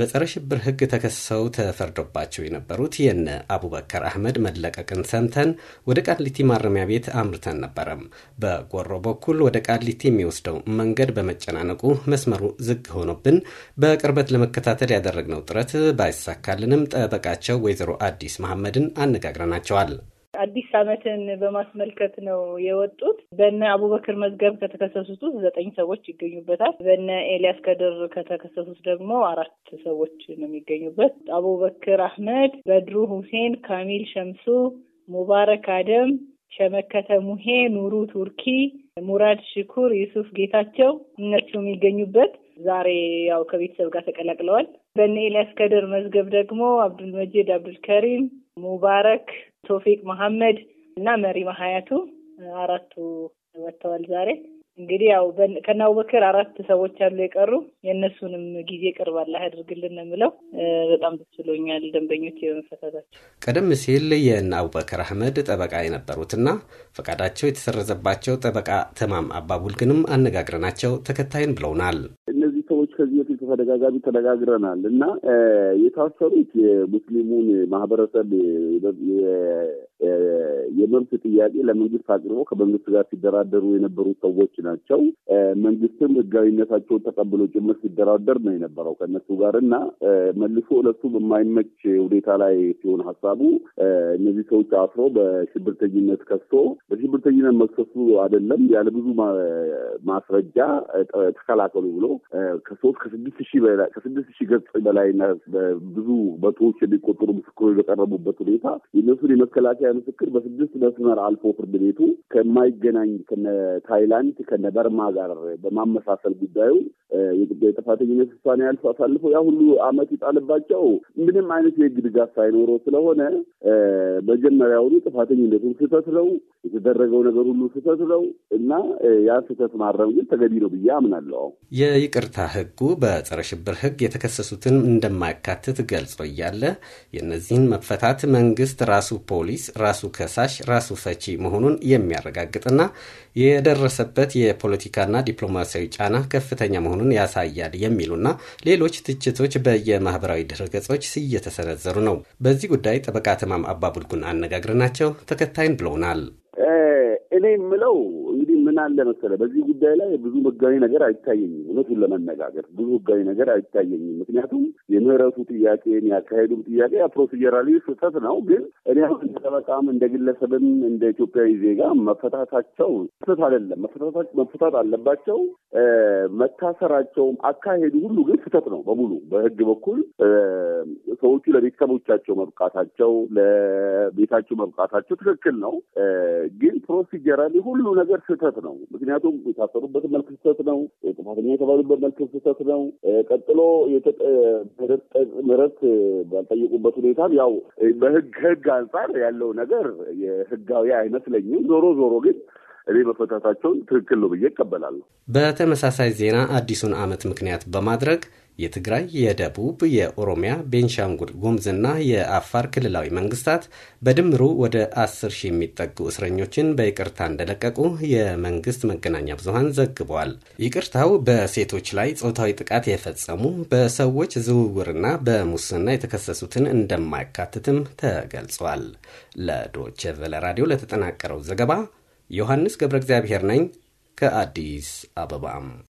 በጸረ ሽብር ሕግ ተከሰው ተፈርዶባቸው የነበሩት የነ አቡበከር አህመድ መለቀቅን ሰምተን ወደ ቃሊቲ ማረሚያ ቤት አምርተን ነበረም። በጎሮ በኩል ወደ ቃሊቲ የሚወስደው መንገድ በመጨናነቁ መስመሩ ዝግ ሆኖብን በቅርበት ለመከታተል ያደረግነው ጥረት ባይሳካልንም ጠበቃቸው ወይዘሮ አዲስ መሐመድን አነጋግረናቸዋል። አዲስ ዓመትን በማስመልከት ነው የወጡት። በነ አቡበክር መዝገብ ከተከሰሱት ውስጥ ዘጠኝ ሰዎች ይገኙበታል። በነ ኤልያስ ከድር ከተከሰሱት ደግሞ አራት ሰዎች ነው የሚገኙበት። አቡበክር አህመድ፣ በድሩ ሁሴን፣ ካሚል ሸምሱ፣ ሙባረክ አደም፣ ሸመከተ ሙሄ፣ ኑሩ ቱርኪ፣ ሙራድ ሽኩር፣ ዩሱፍ ጌታቸው እነሱ የሚገኙበት ዛሬ ያው ከቤተሰብ ጋር ተቀላቅለዋል። በነ ኤልያስ ከድር መዝገብ ደግሞ አብዱል አብዱልከሪም ሙባረክ፣ ቶፊቅ መሐመድ እና መሪማ ሀያቱ አራቱ ወጥተዋል ዛሬ። እንግዲህ ያው ከነ አቡበክር አራት ሰዎች አሉ የቀሩ። የእነሱንም ጊዜ ቅርባላ ያድርግልን የምለው በጣም ደስ ብሎኛል ደንበኞች በመፈታታቸው። ቀደም ሲል የእነ አቡበክር አህመድ ጠበቃ የነበሩትና ፈቃዳቸው የተሰረዘባቸው ጠበቃ ተማም አባቡልግንም አነጋግረናቸው ተከታይን ብለውናል። እነዚህ ሰዎች ከዚህ በፊት በተደጋጋሚ ተነጋግረናል እና የታሰሩት የሙስሊሙን ማህበረሰብ የመብት ጥያቄ ለመንግስት አቅርቦ ከመንግስት ጋር ሲደራደሩ የነበሩ ሰዎች ናቸው። መንግስትም ህጋዊነታቸውን ተቀብሎ ጭምር ሲደራደር ነው የነበረው ከእነሱ ጋር እና መልሶ ለሱ በማይመች ሁኔታ ላይ ሲሆን ሀሳቡ እነዚህ ሰዎች አፍሮ በሽብርተኝነት ከሶ በሽብርተኝነት መክሰሱ አይደለም ያለ ብዙ ማስረጃ ተከላከሉ ብሎ ከሶስት ከስድስት ከስድስት ሺህ በላይ ከስድስት ሺህ ገጽ በላይና ብዙ መቶዎች የሚቆጠሩ ምስክሮች በቀረቡበት ሁኔታ የነሱን የመከላከያ ምስክር በስድስት መስመር አልፎ ፍርድ ቤቱ ከማይገናኝ ከነ ታይላንድ ከነ በርማ ጋር በማመሳሰል ጉዳዩ የጥፋተኝነት ውሳኔ ያልፎ አሳልፎ ያ ሁሉ ዓመት ይጣልባቸው ምንም አይነት የህግ ድጋፍ ሳይኖረው ስለሆነ መጀመሪያውኑ ጥፋተኝነቱን ስህተት ነው የተደረገው ነገር ሁሉ ስህተት ነው እና ያን ስህተት ማረም ግን ተገቢ ነው ብዬ አምናለሁ። የይቅርታ ህጉ በ በጸረ ሽብር ህግ የተከሰሱትን እንደማያካትት ገልጾ እያለ የእነዚህን መፈታት መንግስት ራሱ ፖሊስ፣ ራሱ ከሳሽ፣ ራሱ ፈቺ መሆኑን የሚያረጋግጥና የደረሰበት የፖለቲካና ዲፕሎማሲያዊ ጫና ከፍተኛ መሆኑን ያሳያል የሚሉና ሌሎች ትችቶች በየማህበራዊ ድረገጾች እየተሰነዘሩ ነው። በዚህ ጉዳይ ጠበቃ ተማም አባቡልጉን አነጋግረናቸው ተከታይን ብለውናል። እኔ የምለው ስለዚህ ምን አለ መሰለህ በዚህ ጉዳይ ላይ ብዙ ህጋዊ ነገር አይታየኝም። እውነቱን ለመነጋገር ብዙ ህጋዊ ነገር አይታየኝም። ምክንያቱም የምህረቱ ጥያቄ ያካሄዱም ጥያቄ ፕሮሲጀራሊ ስህተት ነው። ግን እኔ አሁን ጠበቃም እንደ ግለሰብም እንደ ኢትዮጵያዊ ዜጋ መፈታታቸው ስህተት አይደለም። መፈታት አለባቸው። መታሰራቸውም አካሄዱ ሁሉ ግን ስህተት ነው በሙሉ በህግ በኩል ሰዎቹ ለቤተሰቦቻቸው መብቃታቸው ለቤታቸው መብቃታቸው ትክክል ነው። ግን ፕሮሲጀራሊ ሁሉ ነገር ስህተት ስህተት ነው። ምክንያቱም የታሰሩበት መልክ ስህተት ነው። ጥፋተኛ የተባሉበት መልክ ስህተት ነው። ቀጥሎ ምህረት ባልጠየቁበት ሁኔታም ያው በህግ ህግ አንጻር ያለው ነገር የህጋዊ አይመስለኝም። ዞሮ ዞሮ ግን እኔ መፈታታቸውን ትክክል ነው ብዬ እቀበላለሁ። በተመሳሳይ ዜና አዲሱን ዓመት ምክንያት በማድረግ የትግራይ፣ የደቡብ፣ የኦሮሚያ፣ ቤንሻንጉል ጉምዝና የአፋር ክልላዊ መንግስታት በድምሩ ወደ 10 ሺህ የሚጠጉ እስረኞችን በይቅርታ እንደለቀቁ የመንግስት መገናኛ ብዙኃን ዘግበዋል። ይቅርታው በሴቶች ላይ ጾታዊ ጥቃት የፈጸሙ በሰዎች ዝውውርና በሙስና የተከሰሱትን እንደማያካትትም ተገልጿል። ለዶች ቨለ ራዲዮ ለተጠናቀረው ዘገባ ዮሐንስ ገብረ እግዚአብሔር ነኝ ከአዲስ አበባም